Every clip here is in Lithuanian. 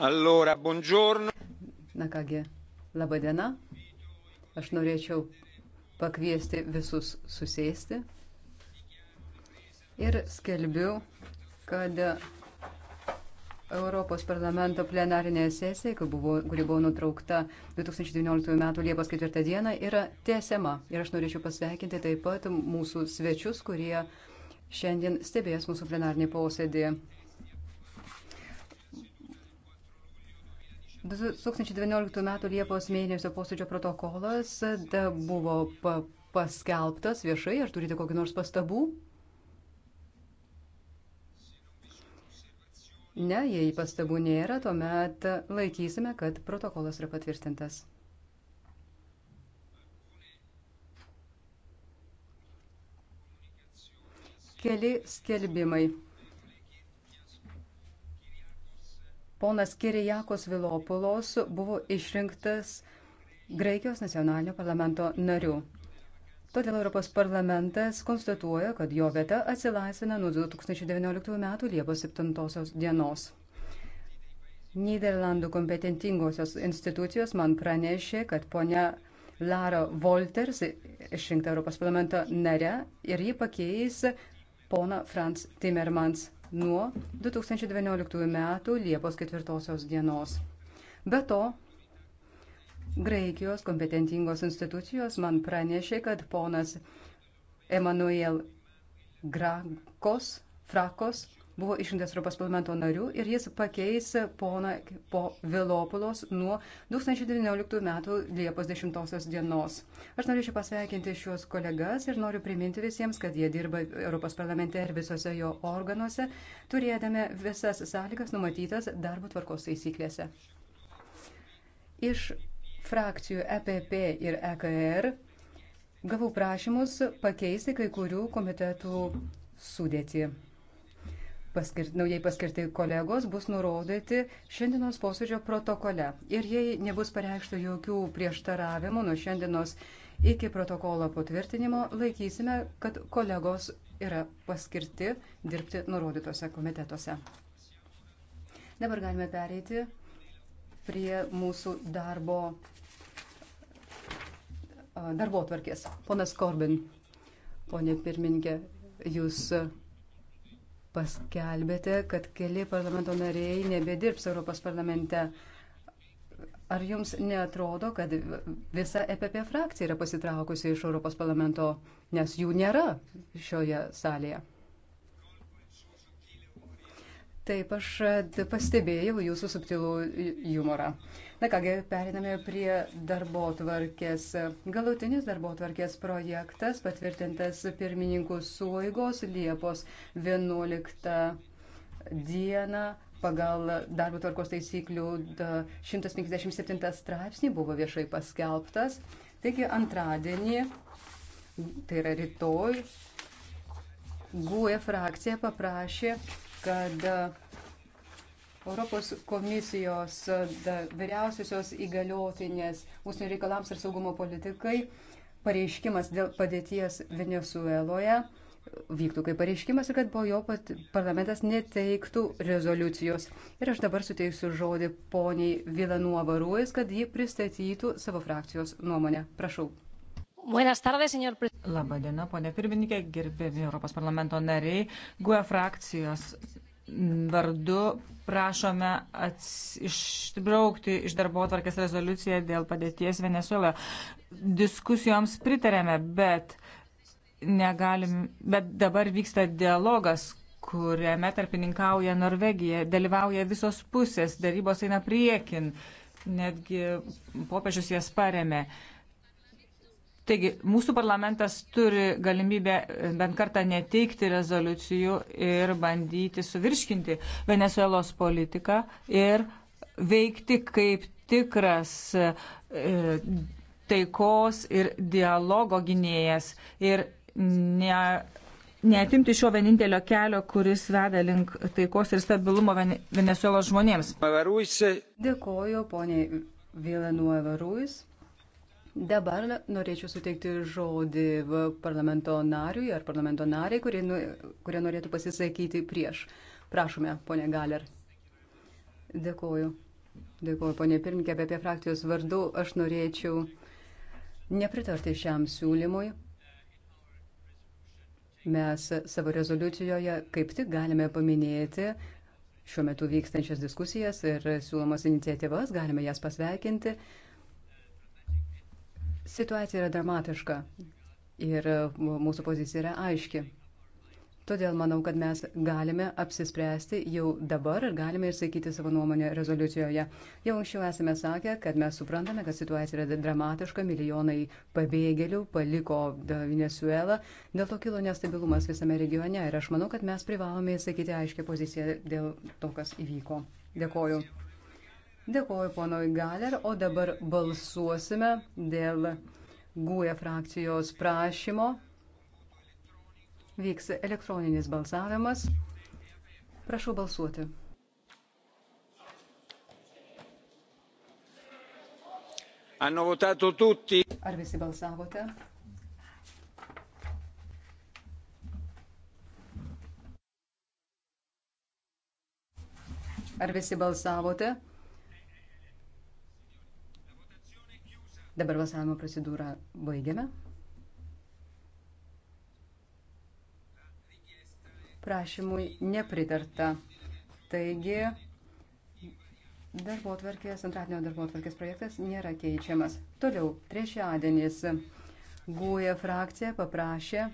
Allora, buongiorno. Na kągi, laba diena. Aš norėčiau pakviesti visus susėsti. Ir skelbiu, kad Europos parlamento plenarinė sesija, kuri buvo, kuri buvo nutraukta 2019 m. Liepos 4 d. yra tęsiama. Ir aš norėčiau pasveikinti taip pat mūsų svečius, kurie šiandien stebės mūsų plenarinį posėdį. 2019 m. Liepos mėnesio posėdžio protokolas buvo pa paskelbtas viešai. Ar turite kokį nors pastabų? Ne, jei pastabų nėra, tuomet laikysime, kad protokolas yra patvirtintas. Keli skelbimai. ponas Kirijakos Vilopulos buvo išrinktas Graikijos nacionalinio parlamento nariu. Todėl Europos parlamentas konstatuoja, kad jo vieta atsilaisvina nuo 2019 m. Liepos 7 dienos. Niderlandų kompetentingosios institucijos man pranešė, kad ponia Lara Wolters išrinkta Europos parlamento nare ir ji pakeis poną Franz Timmermans nuo 2019 metų Liepos 4 dienos. Be to, Graikijos kompetentingos institucijos man pranešė, kad ponas Emanuel Grakos, Frakos buvo išrinktas Europos parlamento nariu ir jis pakeis poną po Vilopulos nuo 2019 metų Liepos 10 dienos. Aš norėčiau pasveikinti šiuos kolegas ir noriu priminti visiems, kad jie dirba Europos parlamente ir visose jo organuose, turėdami visas sąlygas numatytas darbo tvarkos taisyklėse. Iš frakcijų EPP ir EKR gavau prašymus pakeisti kai kurių komitetų sudėtį paskir, naujai paskirti kolegos bus nurodyti šiandienos posėdžio protokole. Ir jei nebus pareikšta jokių prieštaravimų nuo šiandienos iki protokolo patvirtinimo, laikysime, kad kolegos yra paskirti dirbti nurodytose komitetuose. Dabar galime pereiti prie mūsų darbo, darbo tvarkės. Ponas Korbin, ponė pirmininkė, jūs paskelbėte, kad keli parlamento nariai nebedirbs Europos parlamente. Ar jums netrodo, kad visa EPP frakcija yra pasitraukusi iš Europos parlamento, nes jų nėra šioje salėje? Taip, aš e, pastebėjau jūsų subtilų humorą. Na kągi, periname prie darbo tvarkės. Galutinis darbo tvarkės projektas patvirtintas pirmininkų suoigos Liepos 11 dieną pagal darbo tvarkos taisyklių 157 straipsnį buvo viešai paskelbtas. Taigi antradienį, tai yra rytoj, GUE frakcija paprašė kad e, Europos komisijos e, vyriausiosios įgaliotinės užsienio reikalams ir saugumo politikai pareiškimas dėl padėties Venezueloje vyktų kaip pareiškimas ir kad po jo parlamentas neteiktų rezoliucijos. Ir aš dabar suteiksiu žodį poniai Vilanuova Ruiz, kad ji pristatytų savo frakcijos nuomonę. Prašau. Labadiena, ponė pirmininkė, gerbėmi Europos parlamento nariai. GUE frakcijos vardu prašome ats... išbraukti iš darbo atvarkės rezoliuciją dėl padėties Venezuela. Diskusijoms pritarėme, bet, negalim, bet dabar vyksta dialogas, kuriame tarpininkauja Norvegija, dalyvauja visos pusės, darybos eina priekin, netgi popiežius jas paremė. Uh, Taigi, mūsų parlamentas turi galimybę e, bent kartą neteikti rezoliucijų ir bandyti suvirškinti Venezuelos politiką ir veikti kaip tikras e, taikos ir dialogo gynėjas ir ne, neatimti šio vienintelio kelio, kuris veda link taikos ir stabilumo Venezuelos žmonėms. Dėkoju, poniai Vilenueva Ruiz. Dabar norėčiau suteikti žodį parlamento nariui ar parlamento nariai, kurie, nu- kurie norėtų pasisakyti prieš. Prašome, ponė Galer. Dėkuoju. Dėkuoju, ponė pirmininkė, apie, apie frakcijos vardu. Aš norėčiau nepritarti šiam siūlymui. Mes savo rezoliucijoje kaip tik galime paminėti šiuo metu vykstančias diskusijas ir siūlomas iniciatyvas, galime jas pasveikinti. Situacija yra dramatiška ir e, mūsų pozicija yra aiški. Todėl manau, kad mes galime apsispręsti jau dabar ir galime išsakyti savo nuomonę rezoliucijoje. Jau anksčiau esame sakę, kad mes suprantame, kad situacija yra dramatiška, milijonai pabėgėlių paliko e, Venezuelą, dėl to kilo nestabilumas visame regione ir aš manau, kad mes privalome išsakyti aiškę poziciją dėl to, kas įvyko. Dėkoju. Dėkuoju ponoj Galer, o dabar balsuosime dėl GUE frakcijos prašymo. Vyks elektroninis balsavimas. Prašau balsuoti. Hanno votato tutti? Ar visi balsavote? Ar visi balsavote? Dabar balsavimo procedūrą baigiame. Prašymui nepritarta. Taigi, darbo atvarkės, antradienio darbo atvarkės projektas nėra keičiamas. Toliau, trečiadienis GUE frakcija paprašė,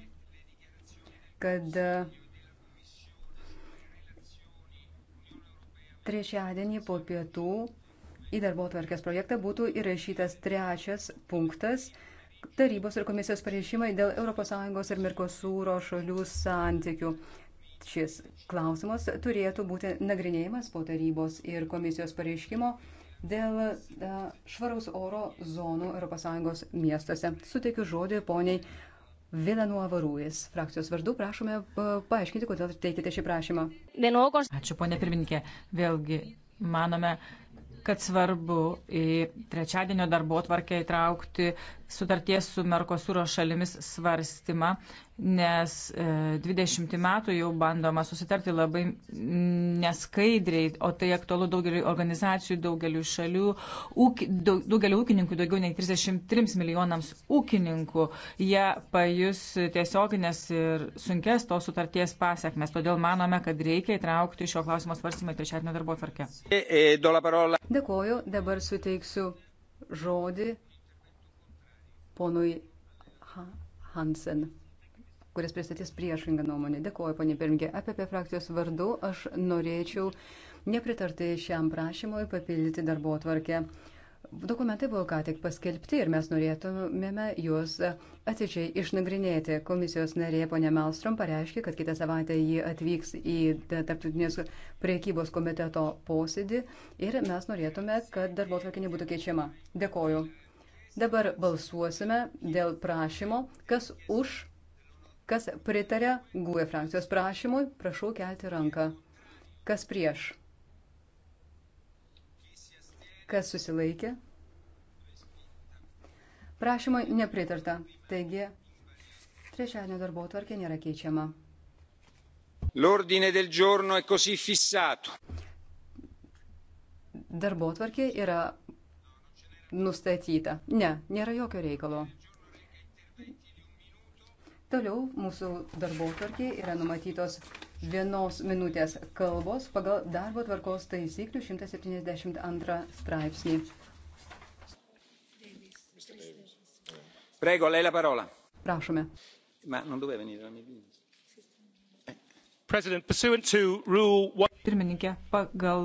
kad trečiadienį po pietų į darbo tvarkės projektą būtų įrašytas trečias punktas tarybos ir komisijos pareišimai dėl ES ir Mirkosūro šalių santykių. Šis klausimas turėtų būti nagrinėjimas po tarybos ir komisijos pareiškimo dėl e, švaraus oro zonų ES miestuose. Suteikiu žodį poniai Vilanuova Rūjas. Frakcijos vardu prašome e, paaiškinti, kodėl teikite šį prašymą. Ačiū, ponė pirmininkė. Vėlgi, manome, kad svarbu į trečiadienio darbo atvarkę įtraukti sutarties su Merkosūro šalimis svarstymą nes 20 e, metų jau bandoma susitarti labai neskaidriai, o tai aktualu daugeliu organizacijų, daugeliu šalių, ūk, daugeliu ūkininkų, daugiau nei 33 milijonams ūkininkų, jie pajus tiesioginės ir sunkes tos sutarties pasiekmes. Todėl manome, kad reikia įtraukti šio klausimo svarstymą į trečiadienio darbo tvarkę. E, e, Dėkoju, dabar suteiksiu žodį ponui Hansen kuris pristatys priešingą nuomonę. Dėkuoju, ponė Pirmke. Apie, apie frakcijos vardu aš norėčiau nepritarti šiam prašymui papildyti darbo atvarkę. Dokumentai buvo ką tik paskelbti ir mes norėtumėme juos atidžiai išnagrinėti. Komisijos narė ponė Melstrom pareiškė, kad kitą savaitę ji atvyks į Tarptautinės priekybos komiteto posėdį ir mes norėtume, kad darbo tvarkė nebūtų keičiama. Dėkoju. Dabar balsuosime dėl prašymo, kas už Kas pritarė GUE frakcijos prašymui, prašau kelti ranką. Kas prieš? Kas susilaikė? Prašymui nepritarta. Taigi, trečiadienio darbo tvarkė nėra keičiama. L'ordine del giorno è così fissato. Darbo tvarkė yra nustatyta. Ne, nėra jokio reikalo. Toliau mūsų darbo tvarkė yra numatytos vienos minutės kalbos pagal darbo tvarkos taisyklių 172 straipsnį. Prego, lei la parola. Prašome. Ma non doveva venire la mia Pirmininkė, pagal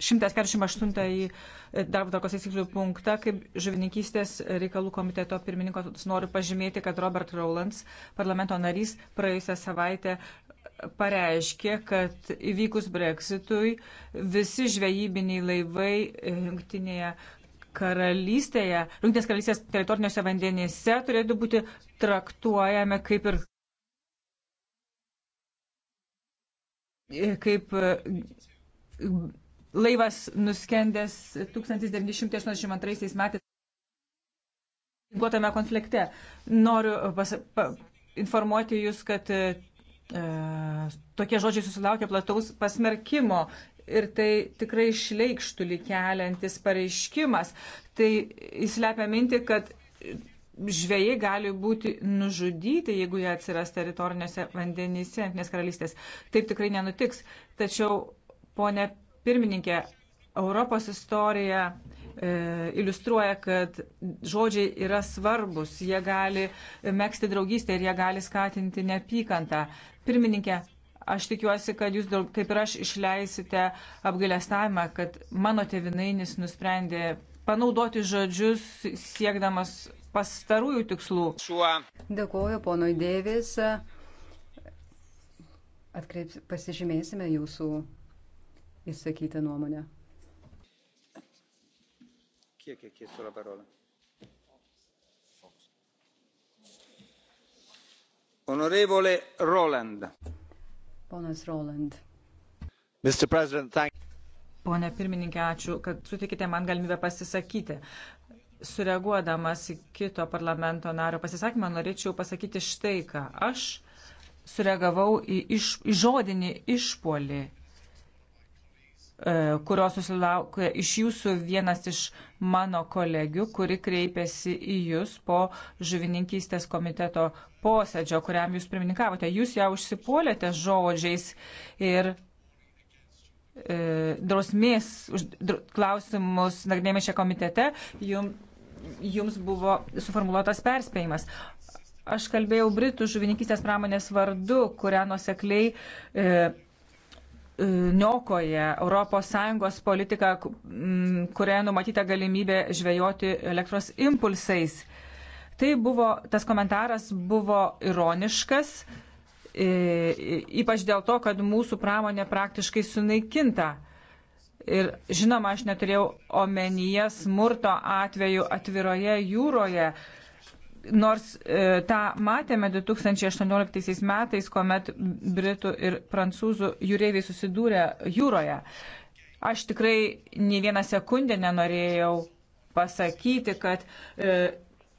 148 darbo tvarkos taisyklių punktą, kaip žuvininkystės reikalų komiteto pirmininko noriu pažymėti, kad Robert Rowlands, parlamento narys, praėjusią savaitę pareiškė, kad įvykus breksitui visi žvejybiniai laivai e, jungtinėje karalystėje, jungtinės karalystės teritoriniuose vandenyse turėtų būti traktuojami kaip ir e, kaip e, laivas nuskendęs 1982 metais ginkluotame konflikte. Noriu pas, pa, informuoti Jūs, kad e, tokie žodžiai susilaukia plataus pasmerkimo ir tai tikrai šleikštulį keliantis pareiškimas. Tai įslepia minti, kad žvėjai gali būti nužudyti, jeigu jie atsiras teritorinėse vandenyse, nes karalystės. Taip tikrai nenutiks. Tačiau, ponė pirmininkė, Europos istorija e, iliustruoja, kad žodžiai yra svarbus, jie gali mėgsti draugystę ir jie gali skatinti neapykantą. Pirmininkė, aš tikiuosi, kad jūs, kaip ir aš, išleisite apgailestavimą, kad mano tevinainis nusprendė panaudoti žodžius siekdamas pastarųjų tikslų. Šiuo. Dėkuoju, ponui Dėvis. Atkreips, pasižymėsime jūsų išsakytą nuomonę. Kiek, kiek, kiek sulla parola? Honorevole Roland. Ponas Roland. Mr. President, thank you. Pone pirmininkė, ačiū, kad sutikite man galimybę pasisakyti. Sureaguodamas į kito parlamento nario pasisakymą, norėčiau pasakyti štai ką. Aš sureagavau į, iš, į žodinį išpolį E, kurios susilaukė iš jūsų vienas iš mano kolegių, kuri kreipėsi į jūs po žuvininkystės komiteto posėdžio, kuriam jūs pirmininkavote. Jūs ją užsipuolėte žodžiais ir e, drausmės dr, klausimus nagrinėjame šią komitete, jum, jums buvo suformuoluotas perspėjimas. Aš kalbėjau Britų žuvininkystės pramonės vardu, kurią nusekliai e, niokoja ES politiką, kurioje numatyta galimybė žvejoti elektros impulsais. Tai buvo, tas komentaras buvo ironiškas, ypač dėl to, kad mūsų pramonė praktiškai sunaikinta. Ir žinoma, aš neturėjau omenyje smurto atveju atviroje jūroje, Nors e, tą matėme 2018 metais, kuomet Britų ir Prancūzų jūreiviai susidūrė jūroje. Aš tikrai ne vieną sekundę nenorėjau pasakyti, kad e,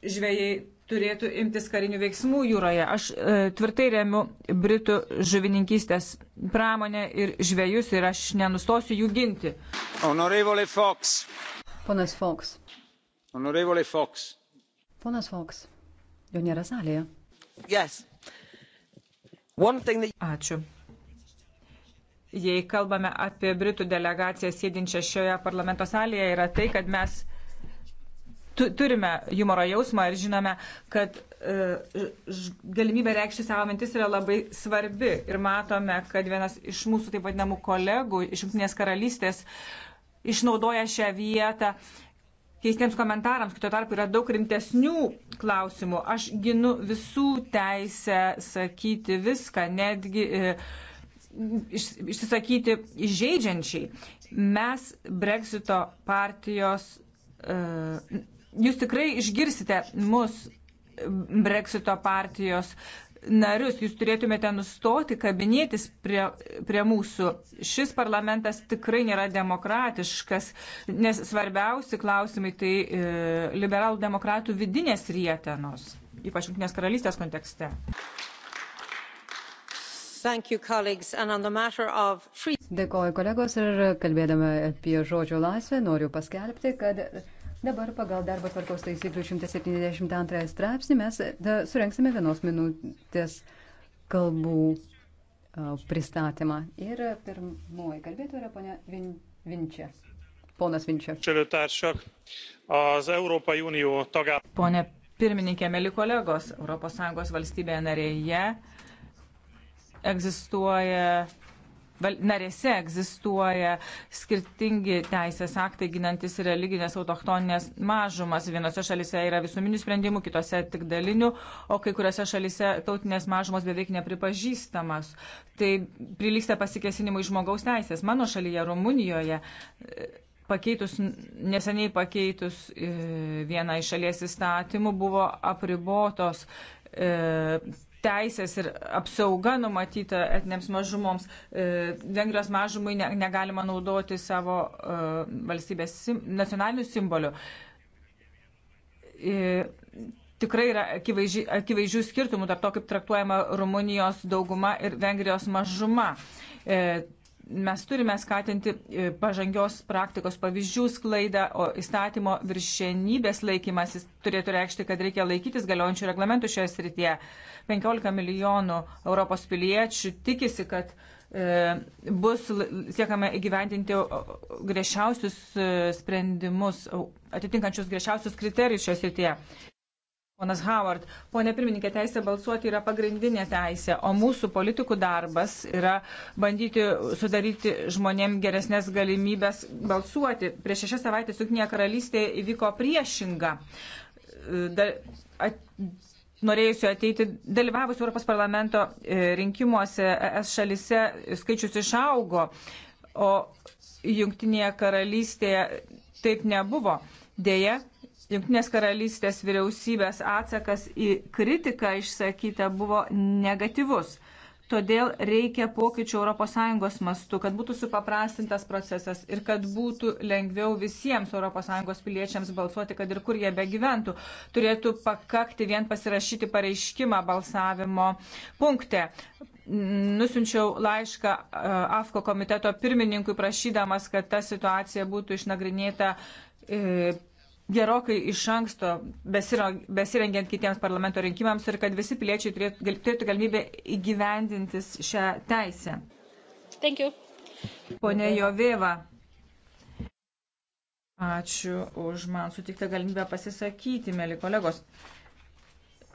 žvėjai turėtų imtis karinių veiksmų jūroje. Aš e, tvirtai remiu Britų žuvininkystės pramonę ir žvėjus ir aš nenustosiu jų ginti. Honorevole Fox. Ponas Fox. Honorevole Fox. Ponas Fox. Jo nėra salėje. Yes. That... Ačiū. Jei kalbame apie Britų delegaciją sėdinčią šioje parlamento salėje, yra tai, kad mes tu, turime humoro jausmą ir žinome, kad uh, galimybė reikšti savo mintis yra labai svarbi. Ir matome, kad vienas iš mūsų taip vadinamų kolegų iš Junktinės karalystės išnaudoja šią vietą keistiems komentarams, kito tarp yra daug rimtesnių klausimų. Aš ginu visų teisę sakyti viską, netgi e, išsisakyti įžeidžiančiai. Mes Brexito partijos, e, jūs tikrai išgirsite mus Brexito partijos narius, jūs turėtumėte nustoti kabinėtis prie, prie mūsų. Šis parlamentas tikrai nėra demokratiškas, nes svarbiausi klausimai tai e, liberalų demokratų vidinės rietenos, ypač Junktinės karalystės kontekste. You, free... Dėkoju kolegos ir kalbėdama apie žodžio laisvę noriu paskelbti, kad Dabar pagal darbo tvarkos taisyklių 172 straipsnį mes surenksime vienos minutės kalbų pristatymą. Ir pirmoji kalbėtoja yra ponia Vin Vinčia. Ponas Vinčia. Pone pirmininkė, mėly kolegos, ES valstybėje narėje egzistuoja narėse egzistuoja skirtingi teisės aktai ginantis religinės autochtoninės mažumas. Vienose šalise yra visuminių sprendimų, kitose tik dalinių, o kai kuriuose šalise tautinės mažumos beveik nepripažįstamas. Tai prilyksta pasikesinimui žmogaus teisės. Mano šalyje, Rumunijoje pakeitus, neseniai pakeitus e, vieną iš šalies įstatymų buvo apribotos e, teisės ir apsauga numatyta etniams mažumoms. E, Vengrijos mažumai negalima naudoti savo e, valstybės nacionalinių simbolių. E, tikrai yra akivaizdžių skirtumų tarp to, kaip traktuojama Rumunijos dauguma ir Vengrijos mažuma. Mes turime skatinti pažangios praktikos pavyzdžių sklaidą, o įstatymo viršienybės laikymasis turėtų reikšti, kad reikia laikytis galiojančių reglamentų šioje srityje. 15 milijonų Europos piliečių tikisi, kad e, bus siekama įgyvendinti griežčiausius e, sprendimus, atitinkančius griežčiausius kriterijus šios rytėje. Ponas Howard, ponė pirmininkė, teisė balsuoti yra pagrindinė teisė, o mūsų politikų darbas yra bandyti sudaryti žmonėm geresnės galimybės balsuoti. Prieš šešias savaitės Junktinėje karalystėje įvyko priešinga. E, da, at, norėjusių ateiti, dalyvavusių Europos parlamento e, rinkimuose es šalise skaičius išaugo, o Junktinėje karalystėje taip nebuvo. Deja, Junktinės karalystės vyriausybės atsakas į kritiką išsakytą buvo negatyvus. Todėl reikia pokyčių ES mastu, kad būtų supaprastintas procesas ir kad būtų lengviau visiems ES piliečiams balsuoti, kad ir kur jie begyventų. Turėtų pakakti vien pasirašyti pareiškimą balsavimo punkte. Nusinčiau laišką e, AFKO komiteto pirmininkui prašydamas, kad ta situacija būtų išnagrinėta e, gerokai iš anksto besirengiant kitiems parlamento rinkimams ir kad visi piliečiai turėtų, turėtų galimybę įgyvendintis šią teisę. Pone Jovėva, ačiū už man sutiktą galimybę pasisakyti, mėly kolegos.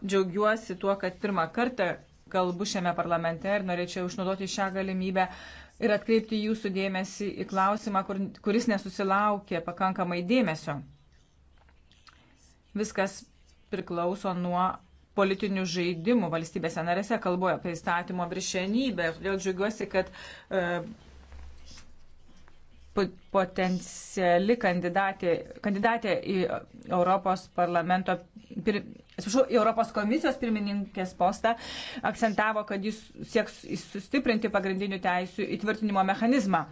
Džiaugiuosi tuo, kad pirmą kartą kalbu šiame parlamente ir norėčiau išnaudoti šią galimybę ir atkreipti jūsų dėmesį į klausimą, kur, kuris nesusilaukė pakankamai dėmesio. Viskas priklauso nuo politinių žaidimų valstybėse narėse, kalbu apie įstatymo viršenybę. Vėl džiugiuosi, kad e, potenciali kandidatė, kandidatė į Europos parlamento, pir, atsiprašau, Europos komisijos pirmininkės postą akcentavo, kad jis sieks sustiprinti pagrindinių teisų įtvirtinimo mechanizmą.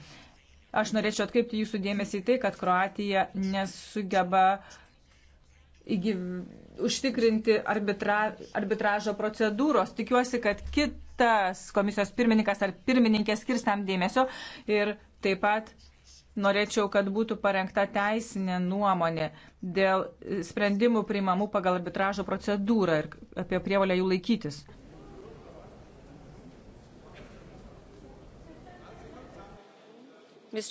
Aš norėčiau atkreipti jūsų dėmesį į tai, kad Kroatija nesugeba uh, įgyv... užtikrinti arbitra... arbitražo procedūros. Tikiuosi, kad kitas komisijos pirmininkas ar pirmininkė skirs tam dėmesio ir taip pat norėčiau, kad būtų parengta teisinė nuomonė dėl sprendimų priimamų pagal arbitražo procedūrą ir apie prievalę jų laikytis. Ponas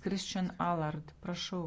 Christian Allard, prašau.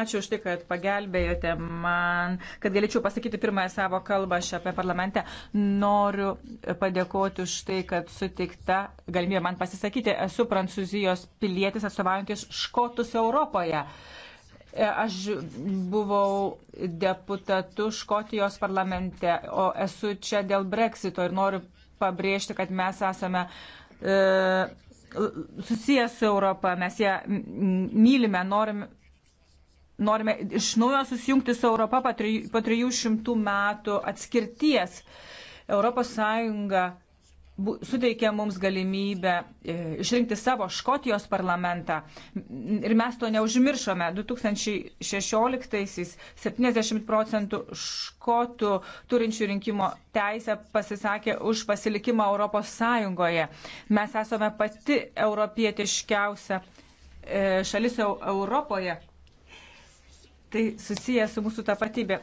Ačiū už tai, kad pagelbėjote man, kad galėčiau pasakyti pirmąją savo kalbą šią apie parlamente. Noriu padėkoti už tai, kad sutikta galimybė man pasisakyti. Esu Prancūzijos pilietis atstovaujantis Škotus Europoje. E, aš buvau deputatu Škotijos parlamente, o esu čia dėl breksito ir noriu pabrėžti, kad mes esame. E, susijęs su Europą, mes ją mylime, norime, norime iš naujo susijungti su Europa po 300 metų atskirties. Europos Sąjunga suteikė mums galimybę e, išrinkti savo Škotijos parlamentą ir mes to neužmiršome. 2016-aisiais 70 procentų Škotų turinčių rinkimo teisę pasisakė už pasilikimą Europos Sąjungoje. Mes esame pati europietiškiausia e, šalis Europoje tai susiję su mūsų tapatybė.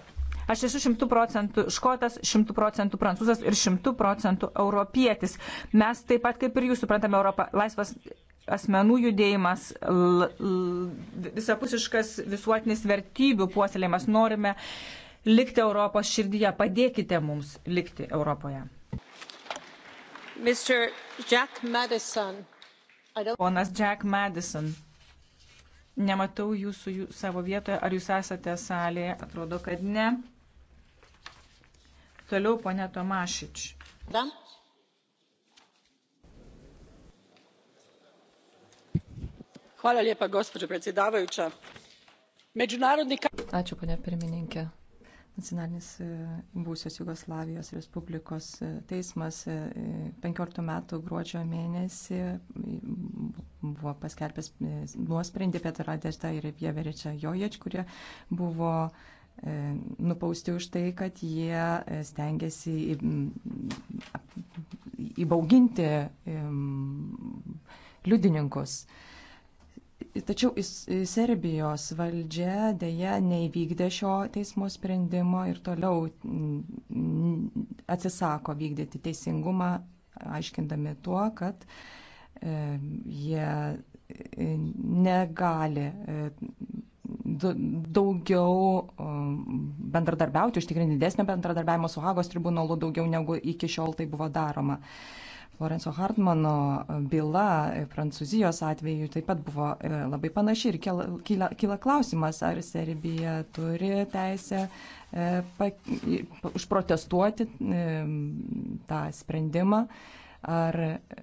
Aš esu šimtų procentų škotas, šimtų procentų prancūzas ir šimtų procentų europietis. Mes taip pat kaip ir jūs suprantame Europą. Laisvas asmenų judėjimas, visapusiškas visuotinis vertybių puoselėjimas. Norime likti Europos širdyje. Padėkite mums likti Europoje. Ponas Jack Madison. Ponas Jack Madison. Nematau jūsų jų, savo vietoje. Ar jūs esate salėje? Atrodo, kad ne. Toliau, ponė Tomašič. Da. Hvala lijepa, gospođo predsjedavajuća. Međunarodni... Ačiū, ponė pirmininkė. Nacionalinis e, būsios Jugoslavijos Respublikos e, teismas 15 e, metų gruodžio mėnesį buvo paskelbęs nuosprendį Petra Dešta ir Pieveričia Joječ, kurie buvo nupausti už tai, kad jie stengiasi įbauginti liudininkus. Tačiau Serbijos valdžia dėja neįvykdė šio teismo sprendimo ir toliau atsisako vykdyti teisingumą, aiškindami tuo, kad e, jie e, negali e, daugiau bendradarbiauti, užtikrinti didesnio bendradarbiavimo su Hagos tribunolu daugiau negu iki šiol tai buvo daroma. Florenco Hartmano byla Prancūzijos atveju taip pat buvo e, labai panaši ir kyla, kyla klausimas, ar Serbija turi teisę e, pa, užprotestuoti e, tą sprendimą. Ar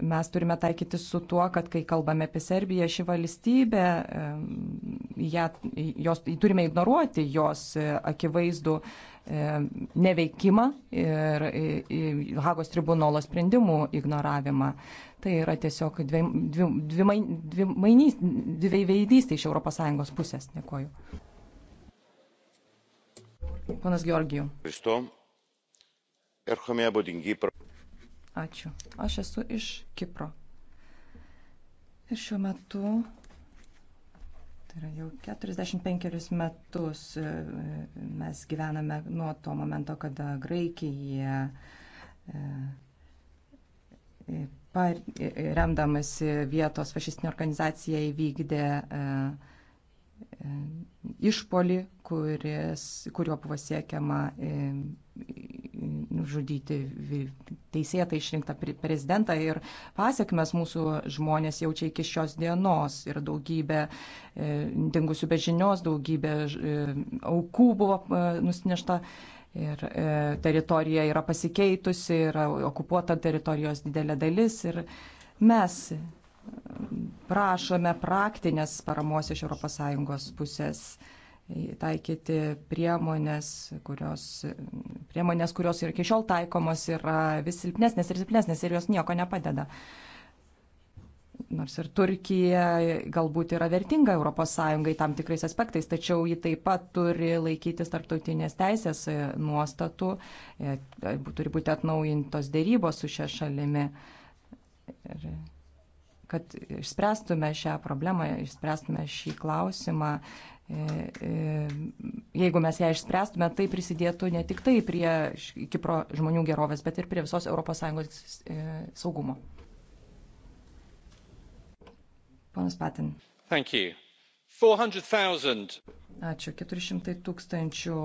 mes turime taikyti su tuo, kad kai kalbame apie Serbiją, šį valstybę, ją, jos, turime ignoruoti jos e, akivaizdų e, neveikimą ir e, Hagos tribunolo sprendimų ignoravimą. Tai yra tiesiog dviveidystė iš ES pusės. Dėkoju. Ponas Georgijų. Ευχαριστώ. Έρχομαι από την Κύπρο. Ačiū. Aš esu iš Kipro. Ir šiuo metu, tai yra jau 45 metus, mes gyvename nuo to momento, kada Graikija e, e, e, remdamasi vietos fašistinė organizacija įvykdė išpolį, kuris, kurio buvo siekiama e, nužudyti teisėtai išrinktą prezidentą ir pasiekmes mūsų žmonės jaučia iki šios dienos ir daugybė e, dingusių bežinios, daugybė e, aukų buvo nusinešta ir teritorija yra pasikeitusi, yra okupuota teritorijos didelė dalis ir mes prašome praktinės paramos iš ES pusės taikyti priemonės, kurios, priemonės, kurios ir iki šiol taikomos yra vis silpnesnės ir silpnesnės ir jos nieko nepadeda. Nors ir Turkija galbūt yra vertinga ES tam tikrais aspektais, tačiau ji taip pat turi laikytis tarptautinės teisės e, nuostatų, e, turi būti atnaujintos dėrybos su šia šalimi. Ir kad išspręstume šią problemą, išspręstume šį klausimą, e, e, jeigu mes ją išspręstume, tai prisidėtų ne tik tai prie Kipro žmonių gerovės, bet ir prie visos ES e, saugumo. Ponas Patin. Ačiū. 400 tūkstančių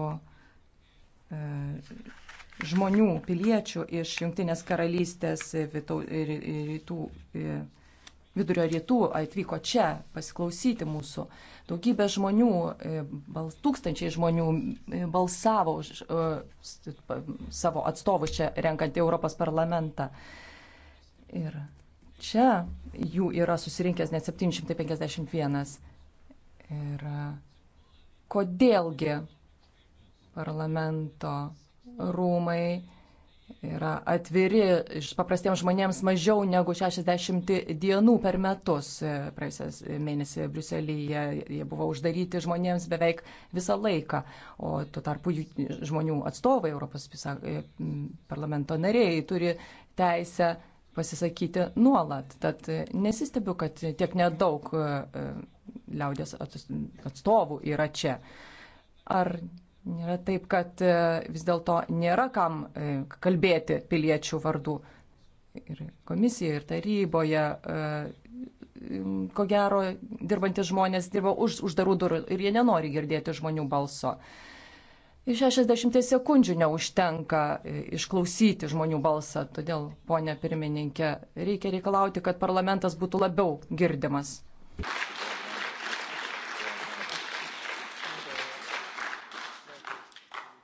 žmonių, piliečių iš Junktinės karalystės rytų. Ir, ir, ir, ir, ir, ir, ir, ir, vidurio rytų atvyko čia pasiklausyti mūsų. Daugybė žmonių, e, tūkstančiai žmonių e, balsavo už e, savo atstovus čia renkant Europos parlamentą. Ir čia jų yra susirinkęs net 751. Ir kodėlgi parlamento rūmai yra atviri paprastiems žmonėms mažiau negu 60 dienų per metus. Praėjusias mėnesį Bruselėje jie buvo uždaryti žmonėms beveik visą laiką, o tuo tarpu žmonių atstovai, Europos parlamento nariai, turi teisę pasisakyti nuolat. Tad nesistebiu, kad tiek nedaug e, liaudės atstovų yra čia. Ar Nėra taip, kad e, vis dėlto nėra kam e, kalbėti piliečių vardų. Ir komisija, ir taryboje, e, ko gero, dirbantis žmonės dirba už uždarų durų ir jie nenori girdėti žmonių balso. Ir 60 sekundžių neužtenka išklausyti žmonių balsą, todėl, ponė pirmininkė, reikia reikalauti, kad parlamentas būtų labiau girdimas.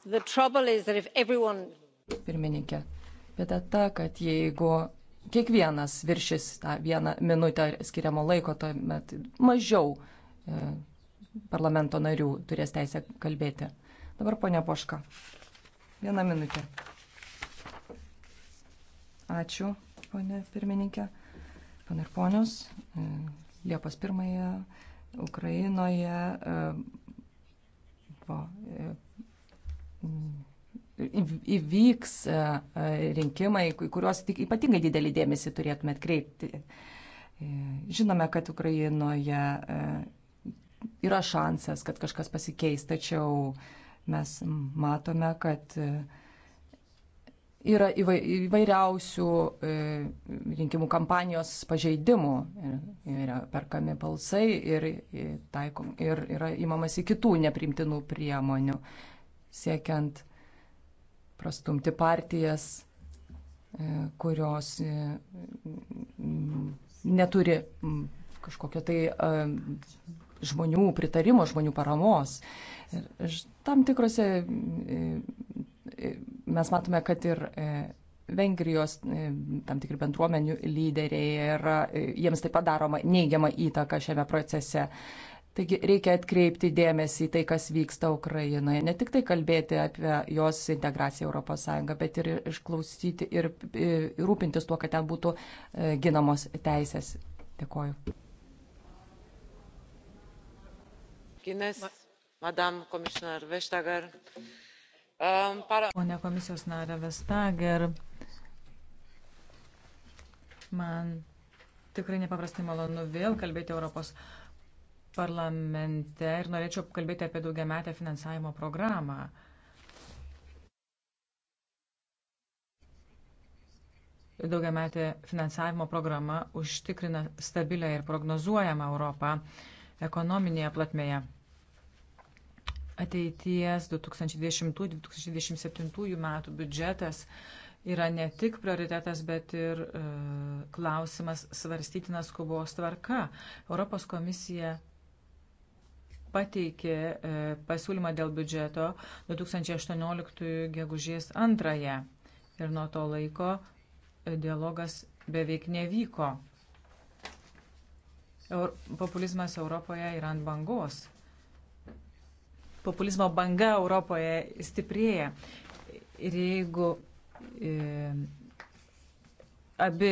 Everyone... Pirmininkė, bėda ta, kad jeigu kiekvienas viršys tą vieną minutę skiriamo laiko, tuomet mažiau e, parlamento narių turės teisę kalbėti. Dabar ponia Poška. Vieną minutę. Ačiū, ponė pirmininkė. Pana ir ponios, e, Liepos 1-ąją Ukrainoje e, buvo e, įvyks e, e, rinkimai, kuriuos tik ypatingai didelį dėmesį turėtume atkreipti. E, žinome, kad Ukrainoje yra šansas, kad kažkas pasikeis, tačiau mes matome, kad yra įvairiausių rinkimų kampanijos pažeidimų. Yra perkami balsai ir, taikom, ir yra imamasi kitų neprimtinų priemonių siekiant prastumti partijas, e, kurios e, neturi kažkokio tai e, žmonių pritarimo, žmonių paramos. Ir tam tikrose mes matome, kad ir Vengrijos tam tikri bendruomenių lyderiai ir jiems taip pat daroma neigiama įtaka šiame procese. Taigi reikia atkreipti dėmesį į tai, kas vyksta Ukrainoje. Ne tik tai kalbėti apie jos integraciją Europos Sąjungą, bet ir išklausyti ir rūpintis tuo, kad ten būtų e, ginamos teisės. Dėkoju. Gines, madam komisar Vestager. Um, para... Pone komisijos narė Vestager, man tikrai nepaprastai malonu vėl kalbėti Europos Sąjungą parlamente ir norėčiau kalbėti apie daugiametę finansavimo programą. Daugiametė finansavimo programa užtikrina stabilę ir prognozuojamą Europą ekonominėje platmėje. Ateities 2020-2027 metų biudžetas yra ne tik prioritetas, bet ir e, klausimas svarstytinas skubos tvarka. Europos komisija pateikė e, pasiūlymą dėl biudžeto 2018 gegužės antrąją ir nuo to laiko e, dialogas beveik nevyko. Populizmas Europoje yra ant bangos. Populizmo banga Europoje stiprėja. Ir jeigu e, abi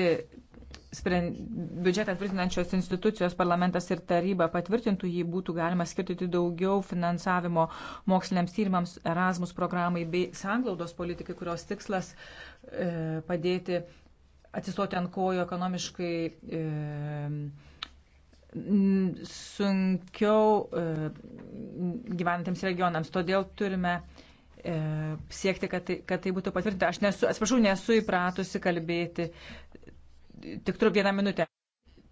sprend... biudžetą tvirtinančios institucijos parlamentas ir taryba patvirtintų jį, būtų galima skirti daugiau finansavimo moksliniams tyrimams, Erasmus programai bei sanglaudos politikai, kurios tikslas e, padėti atsistoti ant kojų ekonomiškai e, sunkiau e, gyventiems regionams. Todėl turime e, siekti, kad tai, kad tai būtų patvirtinta. Aš nesu, atsiprašau, nesu įpratusi kalbėti tik turiu vieną minutę.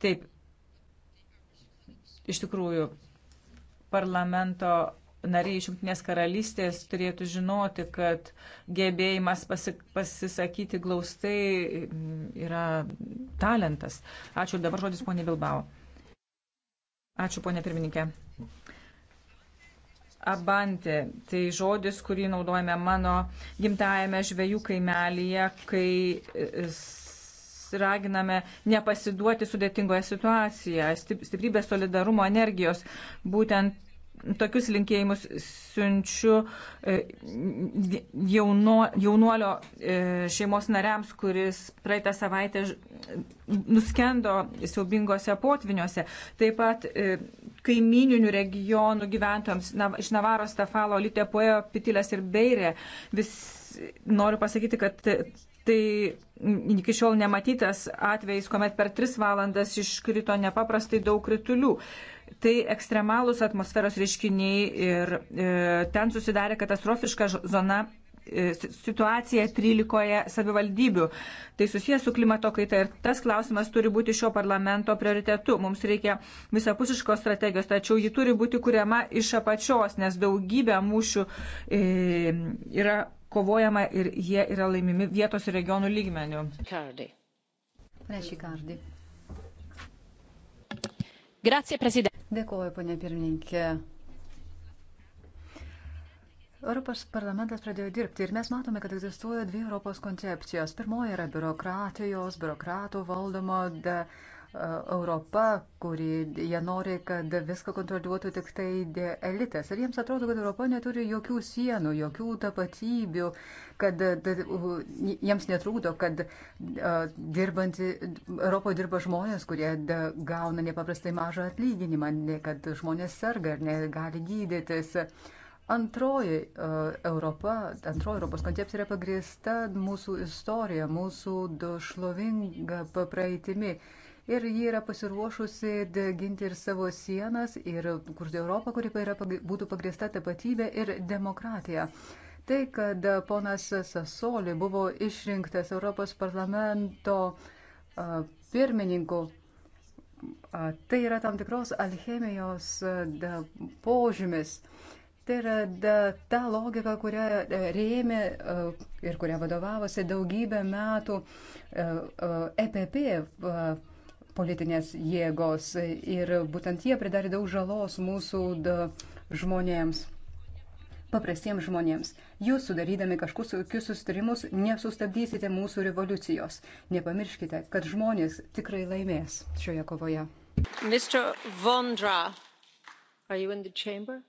Taip, iš tikrųjų, parlamento nariai iš Junktinės karalystės turėtų žinoti, kad gebėjimas pasi, pasisakyti glaustai mm, yra talentas. Ačiū ir dabar žodis ponė Bilbao. Ačiū ponė pirmininkė. Abantė, tai žodis, kurį naudojame mano gimtajame žvėjų kaimelyje, kai raginame nepasiduoti sudėtingoje situacijoje, stiprybės, solidarumo, energijos. Būtent tokius linkėjimus siunčiu e, jauno, jaunuolio e, šeimos nariams, kuris praeitą savaitę nuskendo siaubingose potviniuose. Taip pat e, kaimininių regionų gyventojams iš Navaro, Stafalo, Litė, Puejo, Pitilės ir Beirė. Vis noriu pasakyti, kad Tai iki šiol nematytas atvejis, kuomet per tris valandas iškrito nepaprastai daug kritulių. Tai ekstremalūs atmosferos reiškiniai ir e, ten susidarė katastrofiška zona e, situacija 13 savivaldybių. Tai susijęs su klimato kaita ir tas klausimas turi būti šio parlamento prioritetu. Mums reikia visapusiškos strategijos, tačiau ji turi būti kuriama iš apačios, nes daugybė mūšių e, yra kovojama ir jie yra laimimi vietos ir regionų lygmenių. Kardi. Prašy, Kardi. Grazie, prezident. Dėkuoju, ponė pirmininkė. Europos parlamentas pradėjo dirbti ir mes matome, kad egzistuoja dvi Europos koncepcijos. Pirmoji yra biurokratijos, biurokratų valdomo. De, da Europa, kuri jie nori, kad viską kontroliuotų tik tai elitas. Ir jiems atrodo, kad Europa neturi jokių sienų, jokių tapatybių, kad jiems netrūdo, kad dirbanti, Europoje dirba žmonės, kurie gauna nepaprastai mažą atlyginimą, kad žmonės serga ir negali gydytis. Antroji Europa, antroji Europos koncepcija yra pagrįsta mūsų istorija, mūsų šlovinga praeitimi ir ji yra pasiruošusi ginti ir savo sienas ir kurti Europą, kuri yra, būtų pagrįsta tapatybė ir demokratija. Tai, kad ponas Sasoli buvo išrinktas Europos parlamento pirmininku, tai yra tam tikros alchemijos požymis. Tai yra da, ta logika, kurią e, rėmė ir kurią vadovavosi daugybę metų EPP e, e politinės jėgos ir būtent jie pridarė daug žalos mūsų žmonėms, paprastiems žmonėms. Jūs sudarydami kažkokius sustarimus nesustabdysite mūsų revoliucijos. Nepamirškite, kad žmonės tikrai laimės šioje kovoje. Mr. Vondra, are you in the chamber?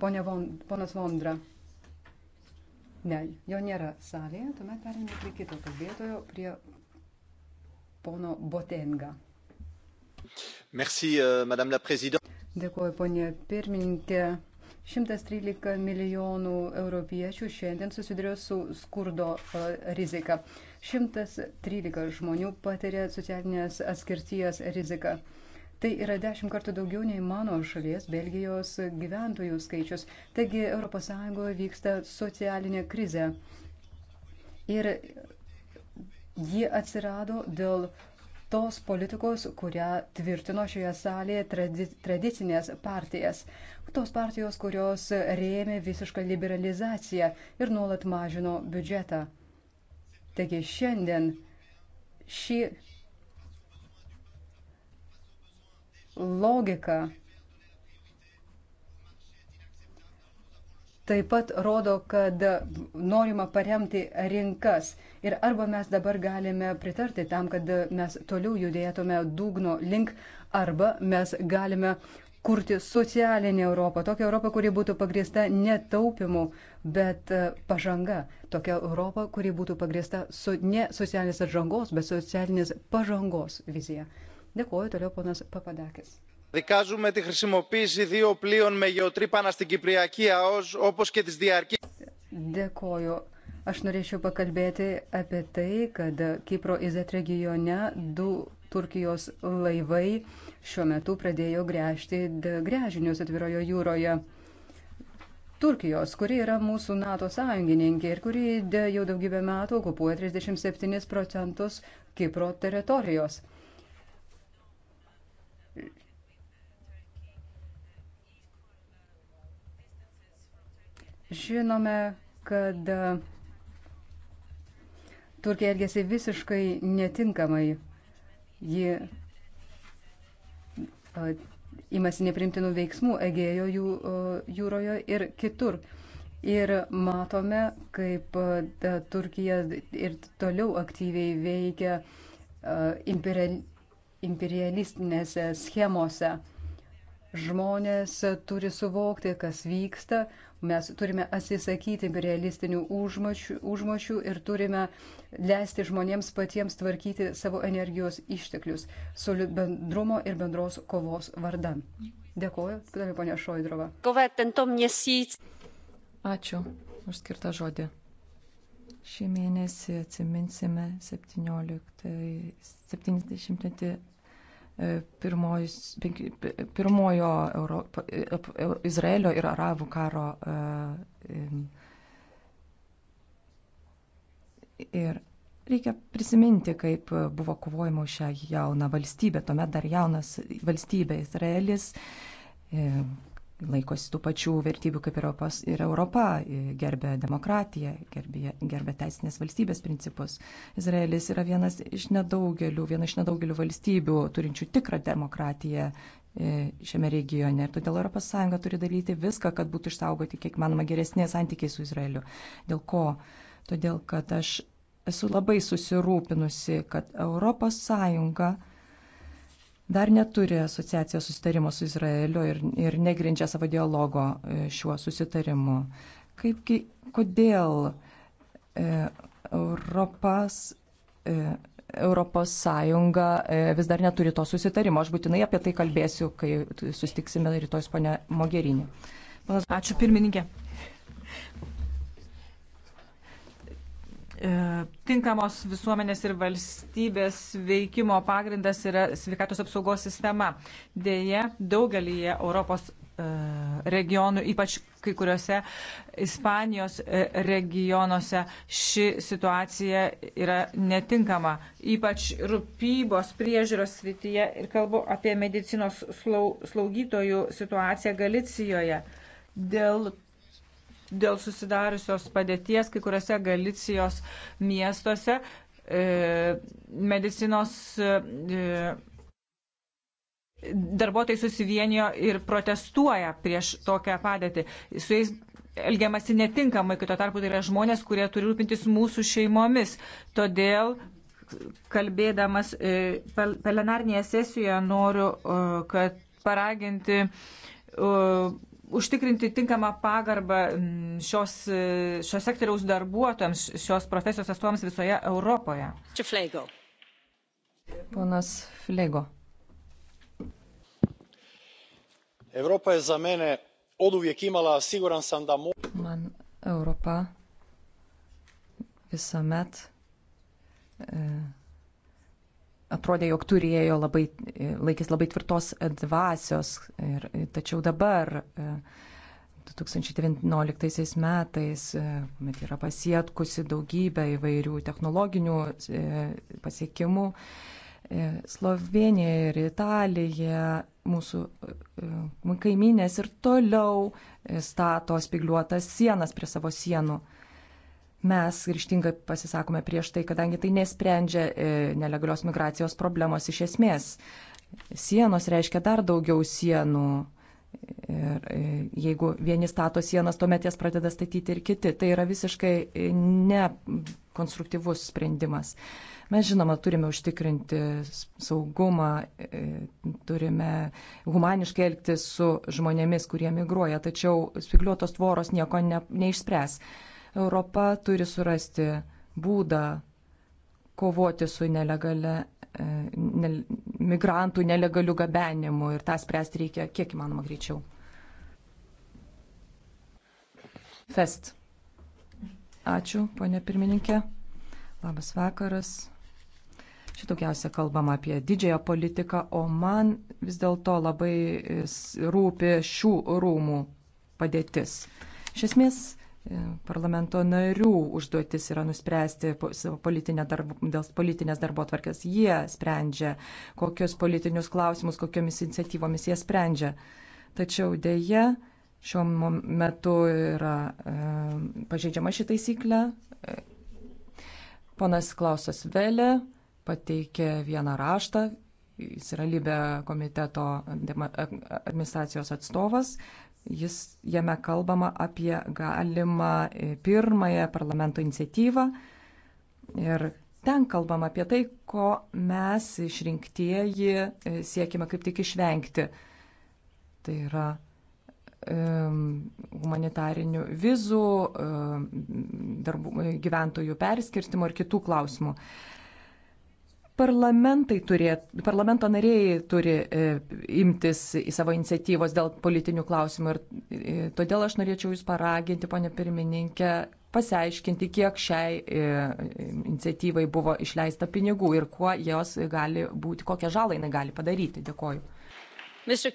Pone Von, ponas Vondra. Ne, jo nėra salėje, tuomet perėmė prie kito kalbėtojo, prie pono Botenga. Merci, euh, madame la prezidente. Dėkuoju, ponė pirmininkė. 113 milijonų europiečių šiandien susiduria su skurdo rizika. 113 žmonių patiria socialinės atskirties riziką. Tai yra dešimt kartų daugiau nei mano šalies, Belgijos gyventojų skaičius. Taigi ES vyksta socialinė krize. Ir Ji atsirado dėl tos politikos, kurią tvirtino šioje salėje tradi tradicinės partijas. Tos partijos, kurios rėmė visišką liberalizaciją ir nuolat mažino biudžetą. Taigi šiandien ši logika taip pat rodo, kad norima paremti rinkas. Ir arba mes dabar galime pritarti tam, kad mes toliau judėtume dugno link, arba mes galime kurti socialinę Europą, tokią Europą, kuri būtų pagrįsta ne taupimu, bet e, pažanga. Tokia Europa, kuri būtų pagrįsta su, ne socialinės atžangos, bet socialinės pažangos vizija. Dėkuoju toliau ponas Papadakis δικάζουμε τη χρησιμοποίηση δύο πλοίων με γεωτρύπανα στην Κυπριακή ΑΟΣ όπως και τις διαρκείς. Dėkoju. Aš norėčiau pakalbėti apie tai, kad Kipro Izet regione du Turkijos laivai šiuo metu pradėjo gręžti gręžinius atvirojo jūroje. Turkijos, kuri yra mūsų NATO sąjungininkė ir kuri jau daugybę metų okupuoja 37 procentus Kipro teritorijos. Žinome, kad Turkija elgėsi visiškai netinkamai. Ji imasi neprimtinų veiksmų Egėjo jūroje ir kitur. Ir matome, kaip Turkija ir toliau aktyviai veikia imperialistinėse schemose. Žmonės turi suvokti, kas vyksta, mes turime atsisakyti imperialistinių užmačių, užmačių ir turime leisti žmonėms patiems tvarkyti savo energijos išteklius su bendrumo ir bendros kovos vardan. Dėkuoju, toliau ponia Šoidrova. Ačiū už skirtą žodį. Šį mėnesį atsiminsime 17, 70 E, pirmojus, pirmojo Euro, e, e, Izraelio ir Arabų karo ir reikia prisiminti, kaip buvo kovojama už šią jauną valstybę, tuomet dar jaunas valstybė Izraelis laikosi tų pačių vertybių kaip Europas ir Europa, gerbė demokratiją, gerbė, gerbė teisinės valstybės principus. Izraelis yra vienas iš nedaugelių, viena iš nedaugelių valstybių turinčių tikrą demokratiją šiame regione. Ir todėl ES turi daryti viską, kad būtų išsaugoti kiek manoma geresnė santykiai su Izraeliu. Dėl ko? Todėl, kad aš esu labai susirūpinusi, kad ES dar neturi asociacijos susitarimo su Izraeliu ir, ir negrindžia savo dialogo e, šiuo susitarimu. Kaipgi, kodėl e, Europas, e, Europos Sąjunga e, vis dar neturi to susitarimo? Aš būtinai apie tai kalbėsiu, kai sustiksime rytoj su ponia Mogerinė. Panas... Ačiū pirmininkė. E, tinkamos visuomenės ir valstybės veikimo pagrindas yra sveikatos apsaugos sistema. Deja, daugelį Europos e, regionų, ypač kai kuriuose Ispanijos e, regionuose ši situacija yra netinkama, ypač rūpybos priežiūros srityje ir kalbu apie medicinos slaugytojų situaciją Galicijoje. Dėl dėl susidariusios padėties kai kuriuose Galicijos miestuose e, medicinos e, darbuotojai susivienijo ir protestuoja prieš tokią padėtį. Su jais elgiamasi netinkamai, kito tarpu tai yra žmonės, kurie turi rūpintis mūsų šeimomis. Todėl kalbėdamas e, plenarnėje sesijoje noriu, e, kad paraginti e, užtikrinti tinkamą pagarbą šios, e, šios sektoriaus darbuotojams, šios profesijos atstovams visoje Europoje. Čia Fleigo. Ponas Fleigo. Europa je za mene oduvijek imala, siguran sam da... Man Europa visuomet e, atrodė, jog turėjo labai, e, laikys labai tvirtos dvasios. Ir, e, tačiau dabar, 2019 e, metais, met yra pasiekusi daugybę įvairių technologinių pasiekimų. Slovenija ir Italija, mūsų kaiminės ir toliau stato spigliuotas sienas prie savo sienų. Mes grįžtingai pasisakome prieš tai, kadangi tai nesprendžia e, nelegalios migracijos problemos iš esmės. Sienos reiškia dar daugiau sienų. Ir e, jeigu vieni stato sienas, tuomet jas pradeda statyti ir kiti. Tai yra visiškai e, nekonstruktyvus sprendimas. Mes žinoma turime užtikrinti saugumą, turime humaniškai elgtis su žmonėmis, kurie migruoja, tačiau spigliuotos tvoros nieko ne, neišspręs. Europa turi surasti būdą kovoti su nelegale, ne, migrantų nelegaliu gabenimu ir tą spręsti reikia kiek įmanoma greičiau. Fest. Ačiū, ponė pirmininkė. Labas vakaras. Šitokiausia kalbama apie didžiąją politiką, o man vis dėlto labai rūpi šių rūmų padėtis. Iš esmės, E, parlamento narių užduotis yra nuspręsti savo politinę darbo, dėl politinės darbo tvarkės. Jie sprendžia, kokius politinius klausimus, kokiomis iniciatyvomis jie sprendžia. Tačiau dėje šiuo metu yra e, pažeidžiama ši taisyklė. E, ponas Klausas Velė pateikė vieną raštą jis yra Libė komiteto administracijos atstovas, Jis jame kalbama apie galimą e, pirmąją parlamento iniciatyvą ir ten kalbama apie tai, ko mes išrinktieji e, siekime kaip tik išvengti. Tai yra humanitarinių vizų, darbų, gyventojų perskirtimo ir kitų klausimų parlamentai turė, parlamento nariai turi e, imtis į savo iniciatyvos dėl politinių klausimų. Ir e, todėl aš norėčiau Jūs paraginti, ponė pirmininkė, pasiaiškinti, kiek šiai e, iniciatyvai buvo išleista pinigų ir kuo jos gali būti, kokią žalą jinai gali padaryti. Dėkoju.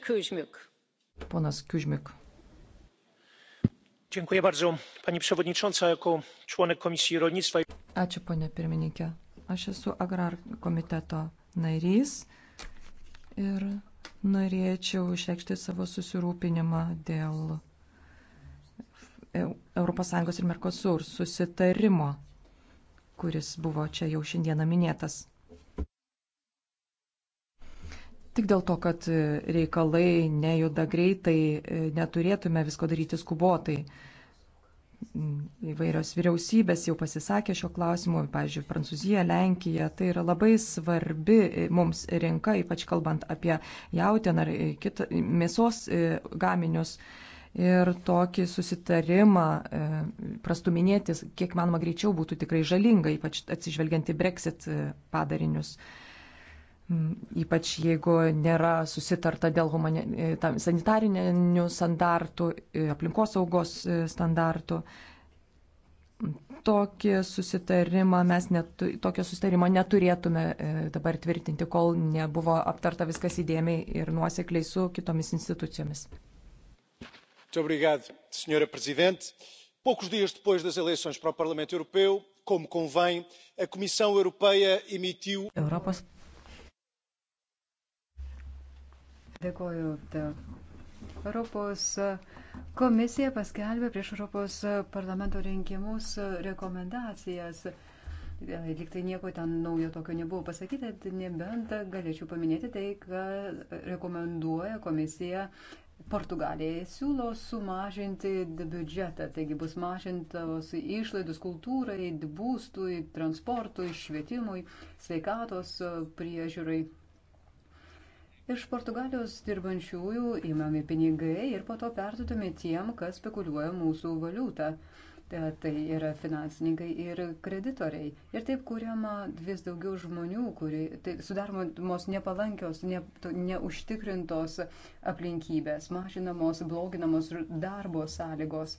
Kužmiuk. Ponas Kužmiuk. Dziękuję bardzo, pani przewodnicząca, jako członek Komisji Rolnictwa. Ačiū, ponė pirmininkė. Aš esu agrar komiteto narys ir norėčiau išreikšti savo susirūpinimą dėl ES ir Mercosur susitarimo, kuris buvo čia jau šiandieną minėtas. Tik dėl to, kad reikalai nejuda greitai, neturėtume visko daryti skubotai. Mm, įvairios vyriausybės jau pasisakė šio klausimu, pavyzdžiui, Prancūzija, Lenkija. Tai yra labai svarbi e, mums rinka, ypač kalbant apie jautieną ar e, kitą, e, mėsos gaminius. Ir tokį susitarimą prastuminėtis, kiek manoma greičiau, būtų tikrai žalinga, ypač atsižvelgiant į Brexit padarinius. Mm, ypač jeigu nėra susitarta dėl humani... E, sanitarinių standartų, e, aplinkosaugos e, standartų. Tokį susitarimą mes netu, tokio susitarimo neturėtume dabar tvirtinti, kol nebuvo aptarta viskas įdėmiai ir nuosekliai su kitomis institucijomis. Obrigado, senhora Presidente. Poucos dias depois das eleições para o Parlamento Europeu, como convém, a Comissão Europeia emitiu. Europos Dėkuoju. Europos komisija paskelbė prieš Europos parlamento rinkimus rekomendacijas. Liktai nieko ten naujo tokio nebuvo pasakyta, tai nebent galėčiau paminėti tai, ką rekomenduoja komisija Portugalijai siūlo sumažinti biudžetą, taigi bus mažintos išlaidos kultūrai, būstui, transportui, švietimui, sveikatos priežiūrai. Iš Portugalijos dirbančiųjų įmami pinigai ir po to perdodami tiem, kas spekuliuoja mūsų valiutą. Tai yra finansininkai ir kreditoriai. Ir taip kuriama vis daugiau žmonių, kuri tai sudaromos nepalankios, ne, to, neužtikrintos aplinkybės, mažinamos, bloginamos darbo sąlygos.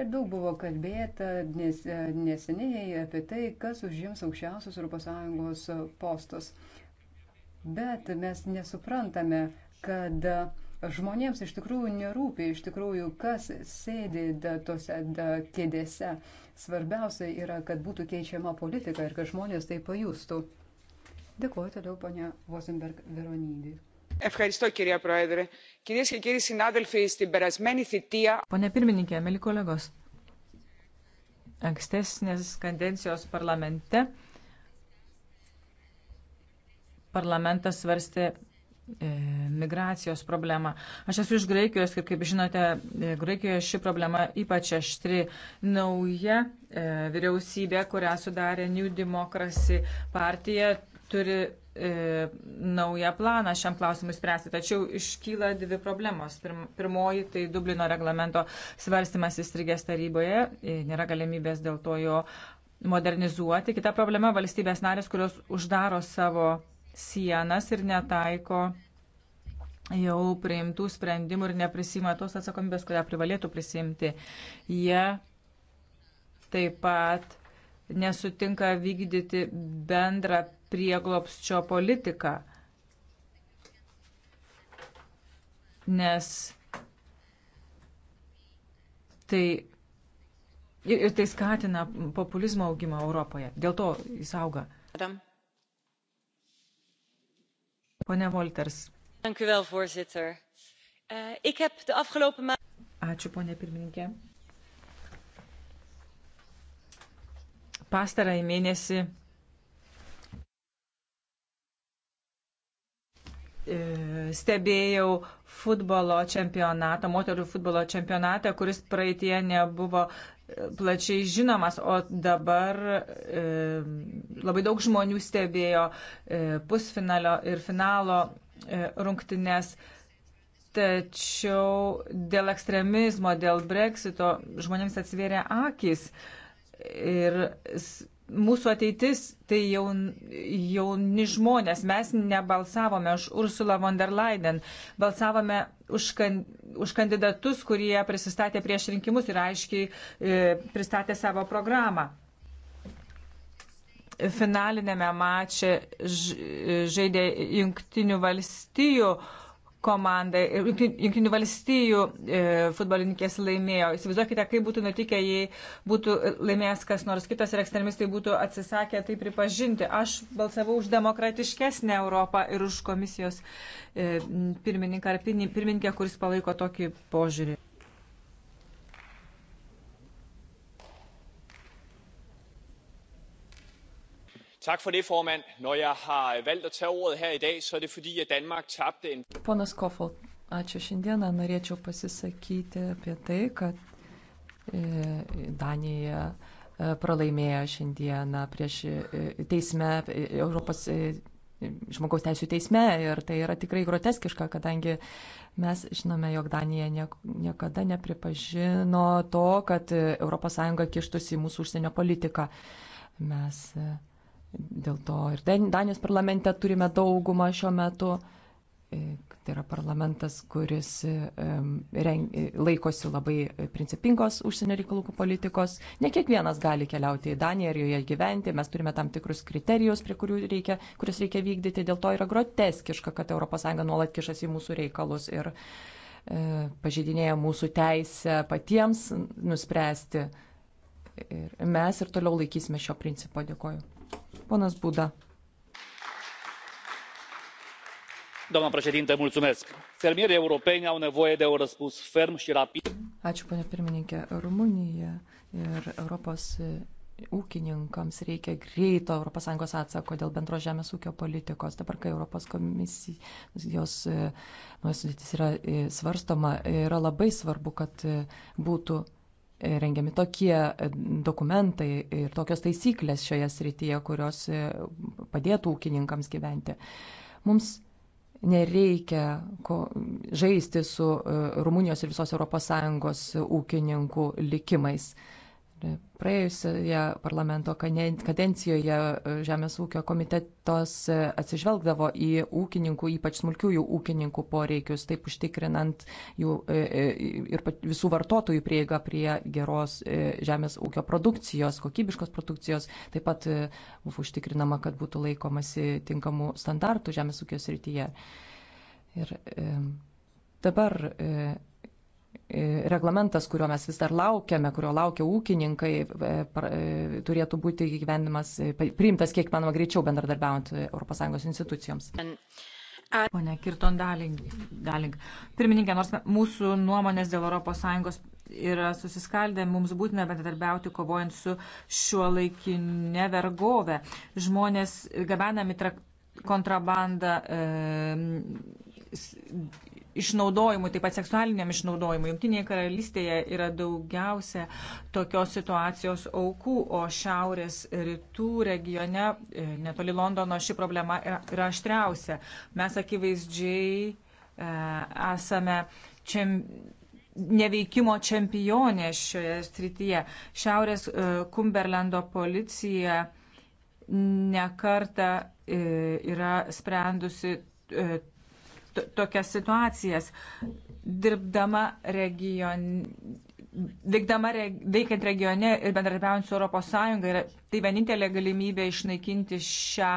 Ir daug buvo kalbėta nes, neseniai apie tai, kas užims aukščiausius ES postus. Bet mes nesuprantame, kad žmonėms iš tikrųjų nerūpi, iš tikrųjų, kas sėdi da, tose da, kėdėse. Svarbiausia yra, kad būtų keičiama politika ir kad žmonės tai pajustų. Dėkuoju toliau, ponia Vosenberg Veronydį. Ευχαριστώ, κυρία Πρόεδρε. Κυρίε και κύριοι συνάδελφοι, στην περασμένη θητεία. Πone pirmininkė, mėly kolegos. Ankstesnės kadencijos parlamente parlamentas svarstė e, migracijos problemą. Aš esu iš Graikijos ir, kaip žinote, e, Graikijoje ši problema ypač aštri. Nauja e, vyriausybė, kurią sudarė New Democracy partija, turi e, naują planą šiam klausimui spręsti. Tačiau iškyla dvi problemos. Pirm, pirmoji tai Dublino reglamento svarstymas įstrigęs taryboje, e, nėra galimybės dėl to jo modernizuoti. Kita problema - valstybės narės, kurios uždaro savo sienas ir netaiko jau priimtų sprendimų ir neprisima tos atsakomybės, kurią privalėtų prisimti. Jie taip pat nesutinka vykdyti bendrą prieglopščio politiką, nes tai ir tai skatina populizmo augimą Europoje. Dėl to jis auga. Adam. Pone Volters. Eh, Ačiū, ponė pirmininkė. Pastarąjį mėnesį e, stebėjau futbolo čempionatą, moterų futbolo čempionatą, kuris praeitie nebuvo plačiai žinomas, o dabar e, labai daug žmonių stebėjo e, pusfinalio ir finalo e, rungtynes. Tačiau dėl ekstremizmo, dėl breksito žmonėms atsvėrė akis ir mūsų ateitis tai jaun, jauni žmonės. Mes nebalsavome už Ursula von der Leyen, balsavome už, kan, už kandidatus, kurie prisistatė prieš rinkimus ir aiškiai e, pristatė savo programą. Finalinėme mače e, žaidė jungtinių valstijų komandai, Junktinių valstijų e, futbolininkės laimėjo. Įsivaizduokite, kaip būtų nutikę, jei būtų laimėjęs kas nors kitas ir ekstremistai būtų atsisakę tai pripažinti. Aš balsavau už demokratiškesnę Europą ir už komisijos e, pirmininką ar pirmininkę, kuris palaiko tokį požiūrį. Er Ponas Kofol, ačiū šiandieną. Norėčiau pasisakyti apie tai, kad e, Danija e, pralaimėjo šiandieną prieš e, teisme Europos žmogaus teisų teisme ir tai yra tikrai groteskiška, kadangi mes žinome, jog Danija niekada nepripažino to, kad ES kištusi į mūsų užsienio politiką. Mes Dėl to ir Danijos parlamente turime daugumą šiuo metu. E, tai yra parlamentas, kuris e, e, laikosi labai principingos užsienio reikalų politikos. Ne kiekvienas gali keliauti į Daniją ir joje gyventi. Mes turime tam tikrus kriterijus, prie kurių reikia, kurias reikia vykdyti. Dėl to yra groteskiška, kad ES nuolat kišasi į mūsų reikalus ir pažeidinėja mūsų teisę patiems nuspręsti. Ir mes ir toliau laikysime šio principo. Dėkoju. Ponas Buda. Doamna președintă, mulțumesc. Fermierii europeni au nevoie de un răspuns ferm și rapid. Ačiū, ponia pirmininkė. Rumunija ir Europos ūkininkams reikia greito ES atsako dėl bendro žemės ūkio politikos. Dabar, kai Europos komisijos e, nuosudėtis yra e, svarstoma, yra labai svarbu, kad e, būtų rengiami tokie e, dokumentai ir tokios taisyklės šioje srityje, kurios e, padėtų ūkininkams gyventi. Mums nereikia ko, žaisti su e, Rumunijos ir visos ES ūkininkų likimais. Praėjusioje parlamento kadencijoje e, Žemės ūkio komitetos e, atsižvelgdavo į ūkininkų, ypač smulkiųjų ūkininkų poreikius, taip užtikrinant jų e, ir visų vartotojų prieigą prie geros žemės ūkio produkcijos, kokybiškos produkcijos. Taip pat buvo užtikrinama, kad būtų laikomasi tinkamų standartų žemės ūkio srityje. Ir dabar E, reglamentas, kurio mes vis dar laukiame, kurio laukia ūkininkai, e, e, turėtų būti įgyvendimas, priimtas kiek manoma greičiau bendradarbiaujant ES institucijoms. Pone Kirton Daling, Daling. pirmininkė, nors mūsų nuomonės dėl ES yra susiskaldę, mums būtina bendradarbiauti kovojant su šiuo laikinė vergovė. Žmonės gabenami trak, kontrabandą. E, išnaudojimui, taip pat seksualiniam išnaudojimui. Junktinėje karalystėje yra daugiausia tokios situacijos aukų, o šiaurės rytų regione, e, netoli Londono, ši problema yra, yra aštriausia. Mes akivaizdžiai e, esame čia neveikimo čempionė šioje srityje. Šiaurės e, Kumberlendo policija nekarta e, yra sprendusi e, tokias situacijas. Dirbdama region, veikdama, veikiant regione ir bendradarbiaujant su Europos Sąjunga, yra, tai vienintelė galimybė išnaikinti šią,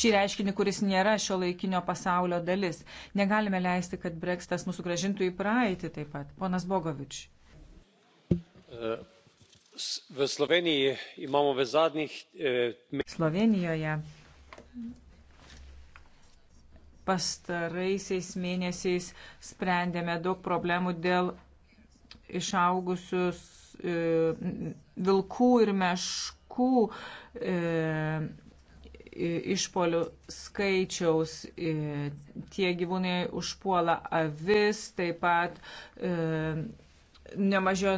šį reiškinį, kuris nėra šio laikinio pasaulio dalis. Negalime leisti, kad breksitas mūsų gražintų į praeitį taip pat. Ponas Bogovič. Eh, eh, Slovenijoje pastaraisiais mėnesiais sprendėme daug problemų dėl išaugusius e, vilkų ir meškų e, išpolių skaičiaus. E, tie gyvūnai užpuola avis, taip pat e, nemažio,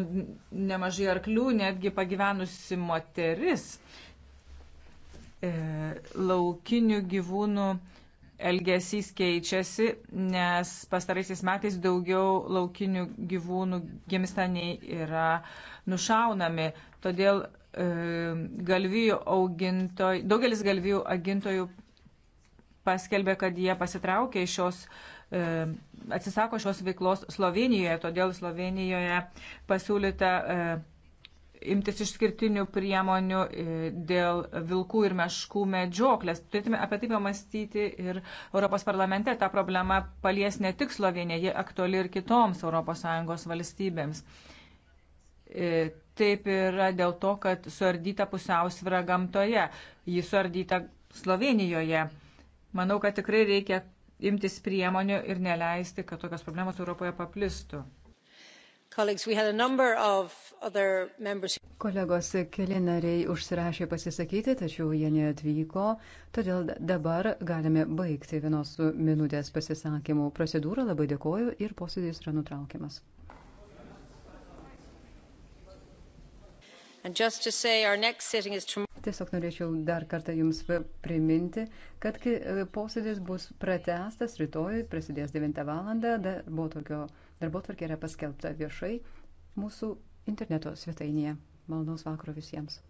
nemažai arklių, netgi pagyvenusi moteris. E, laukinių gyvūnų e, elgesys keičiasi, nes pastaraisiais metais daugiau laukinių gyvūnų gimstaniai yra nušaunami. Todėl e, galvijų augintojai, daugelis galvijų augintojų paskelbė, kad jie pasitraukė iš šios, e, atsisako šios veiklos Slovenijoje, todėl Slovenijoje pasiūlyta e, imtis išskirtinių priemonių e, dėl vilkų ir meškų medžioklės. Turėtume apie tai pamastyti ir Europos parlamente. Ta problema palies ne tik Sloveniją, ji aktuali ir kitoms ES valstybėms. E, taip yra dėl to, kad suardyta pusiausvyra gamtoje, ji suardyta Slovenijoje. Manau, kad tikrai reikia imtis priemonių ir neleisti, kad tokios problemos Europoje paplistų. Kolegos keli nariai užsirašė pasisakyti, tačiau jie neatvyko, todėl dabar galime baigti vienos minutės pasisakymų procedūrą. Labai dėkoju ir posėdis yra nutraukiamas. Tiesiog norėčiau dar kartą Jums priminti, kad posėdis bus pratestas rytoj, prasidės 9 val. darbo tokio. Darbo tvarkė yra paskelbta viešai mūsų interneto svetainėje. Malonaus vakaro visiems.